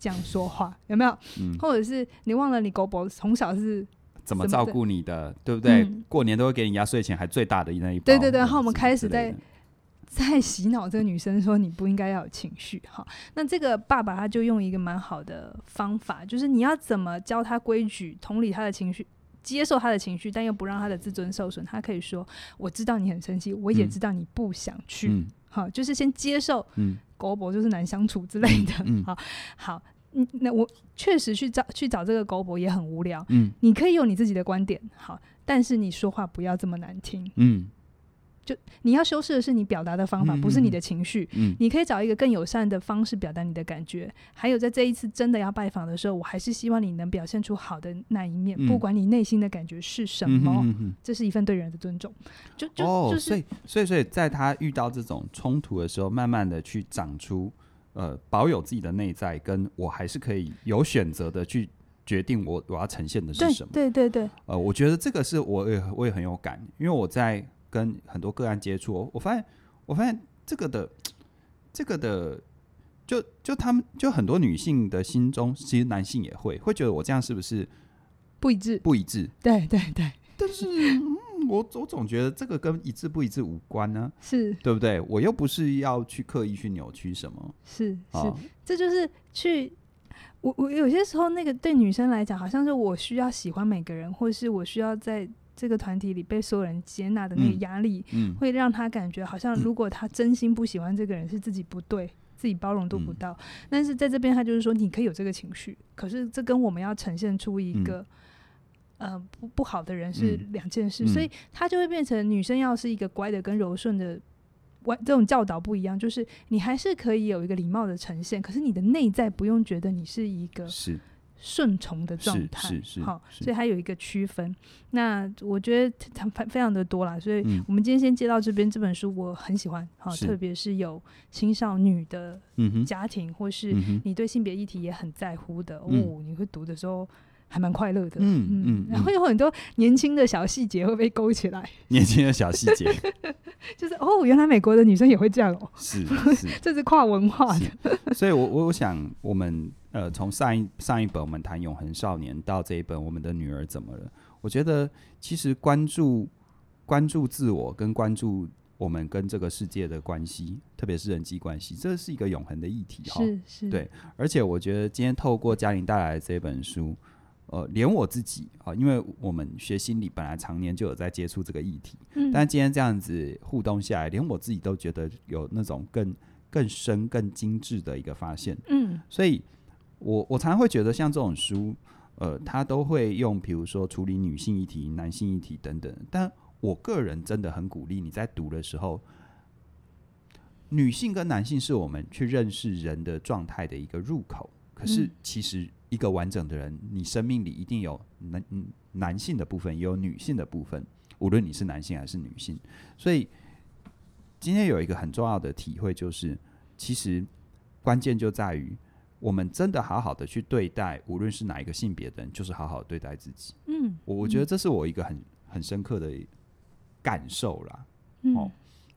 這樣說話？有沒有？”或者是你忘了你狗伯從小是怎麼照顧你的，對不對？過年都會給你壓歲錢，還最大的那一包。對對對，然後我們開始在。在洗腦這個女生說，你不應該要有情緒哈，那這個爸爸他就用一個蠻好的方法，就是你要怎麼教他規矩，同理他的情緒，接受他的情緒，但又不讓他的自尊受損，他可以說我知道你很生氣，我也知道你不想去，嗯、好，就是先接受，嗯，狗博就是難相處之類的，嗯，好，好，那我確實去找去找這個狗博也很無聊，嗯，你可以用你自己的觀點，好，但是你說話不要這麼難聽，嗯。就你要修飾的是你表達的方法，不是你的情緒。嗯、你可以找一個更友善的方式表達你的感覺。嗯、還有在這一次真的要拜訪的時候，我還是希望你能表現出好的那一面，嗯、不管你內心的感覺是什麼，嗯嗯嗯嗯、這是一份對人的尊重。就就、哦、就是所以所以所以在他遇到這種衝突的時候，慢慢的去長出呃，保有自己的內在，跟我還是可以有選擇的去決定我我要呈現的是什麼。對，對對對。呃，我覺得這個是我也我也很有感，因為我在。跟很多個案接觸，我發現，我發現這個的，這個的，就就他們就很多女性的心中，其實男性也會會覺得我這樣是不是不一致？不一致，不一致對對對。但是，嗯、 (laughs) 我總總覺得這個跟一致不一致無關呢、啊，是，對不對？我又不是要去刻意去扭曲什麼，是，是，啊、是，這就是去，我我有些時候那個對女生來講，好像是我需要喜歡每個人，或是我需要在。這個團體裡被所有人接納的那個壓力，嗯嗯、會讓他感覺好像如果他真心不喜歡這個人是自己不對，嗯、自己包容度不到。嗯、但是在這邊他就是說你可以有這個情緒，可是這跟我們要呈現出一個、嗯、呃不不好的人是兩件事，嗯、所以他就會變成女生要是一個乖的跟柔順的，這種教導不一樣，就是你還是可以有一個禮貌的呈現，可是你的內在不用覺得你是一個是。順從的狀態，好、哦，所以還有一個區分。那我覺得它非常的多啦，所以我們今天先介紹到這邊這本書，我很喜歡，好、哦，是特別是有青少女的家庭，嗯、哼或是你對性別議題也很在乎的，嗯、哼哦，你會讀的時候。還蠻快樂的，嗯嗯，嗯，然後有很多年輕的小細節會被勾起來，年輕的小細節， (laughs) 就是哦，原來美國的女生也會這樣哦，是，是 (laughs) 這是跨文化的。所以我，我我想，我們呃，從上一上一本我們談永恆少年到這一本我們的女兒怎麼了，我覺得其實關注關注自我跟關注我們跟這個世界的關係，特別是人際關係，這是一個永恆的議題哈、哦，是是，對。而且我覺得今天透過嘉玲帶來的這本書。呃，連我自己啊，呃，因為我們學心理本來常年就有在接觸這個議題，嗯，但今天這樣子互動下來，連我自己都覺得有那種更更深、更精緻的一個發現，嗯，所以我我常常會覺得，像這種書，呃，它都會用，比如說處理女性議題、男性議題等等，但我個人真的很鼓勵你在讀的時候，女性跟男性是我們去認識人的狀態的一個入口，可是其實。一個完整的人，你生命裡一定有男男性的部分，也有女性的部分。無論你是男性還是女性，所以今天有一個很重要的體會，就是其實關鍵就在於我們真的好好的去對待，無論是哪一個性別的人，就是好好對待自己。嗯，我我覺得這是我一個很很深刻的感受啦。嗯、哦。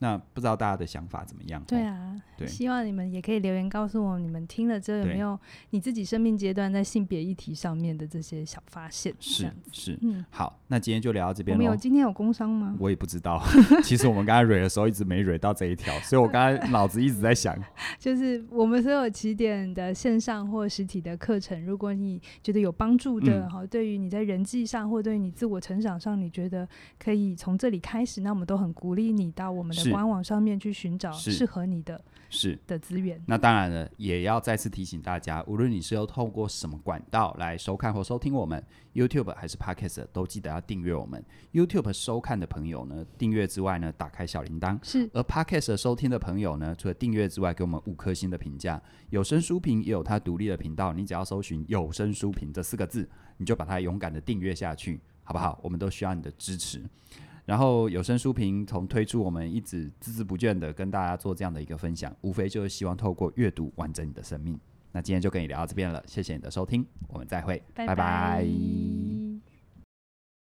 那不知道大家的想法怎麼樣？對啊，對，希望你們也可以留言告訴我，你們聽了之後有沒有你自己生命階段在性別議題上面的這些小發現？是對是，是嗯，好，那今天就聊到這邊。我們有今天有工商嗎？我也不知道。 (laughs) 其實我們剛才蕊的時候一直沒蕊到這一條， (laughs) 所以我剛才腦子一直在想， (laughs) 就是我們所有啟點的線上或實體的課程，如果你覺得有幫助的，嗯、然後對於你在人際上或對於你自我成長上，你覺得可以從這裡開始，那我們都很鼓勵你到我們的。網網上面去尋找適合你的是的資源。那當然了，也要再次提醒大家，無論你是要透過什麼管道來收看或收聽我們 YouTube 還是 Podcast 都記得要訂閱我們。YouTube 收看的朋友呢，訂閱之外呢，打開小鈴鐺；是而 Podcast 收聽的朋友呢，除了訂閱之外，給我們五顆星的評價。有聲書評也有它獨立的頻道，你只要搜尋“有聲書評”這四個字，你就把它勇敢的訂閱下去，好不好？我們都需要你的支持。然後有聲書評從推出，我們一直孜孜不倦的跟大家做這樣的一個分享，無非就是希望透過閱讀完整你的生命。那今天就跟你聊到這邊了，謝謝你的收聽，我們再會，拜拜。拜拜。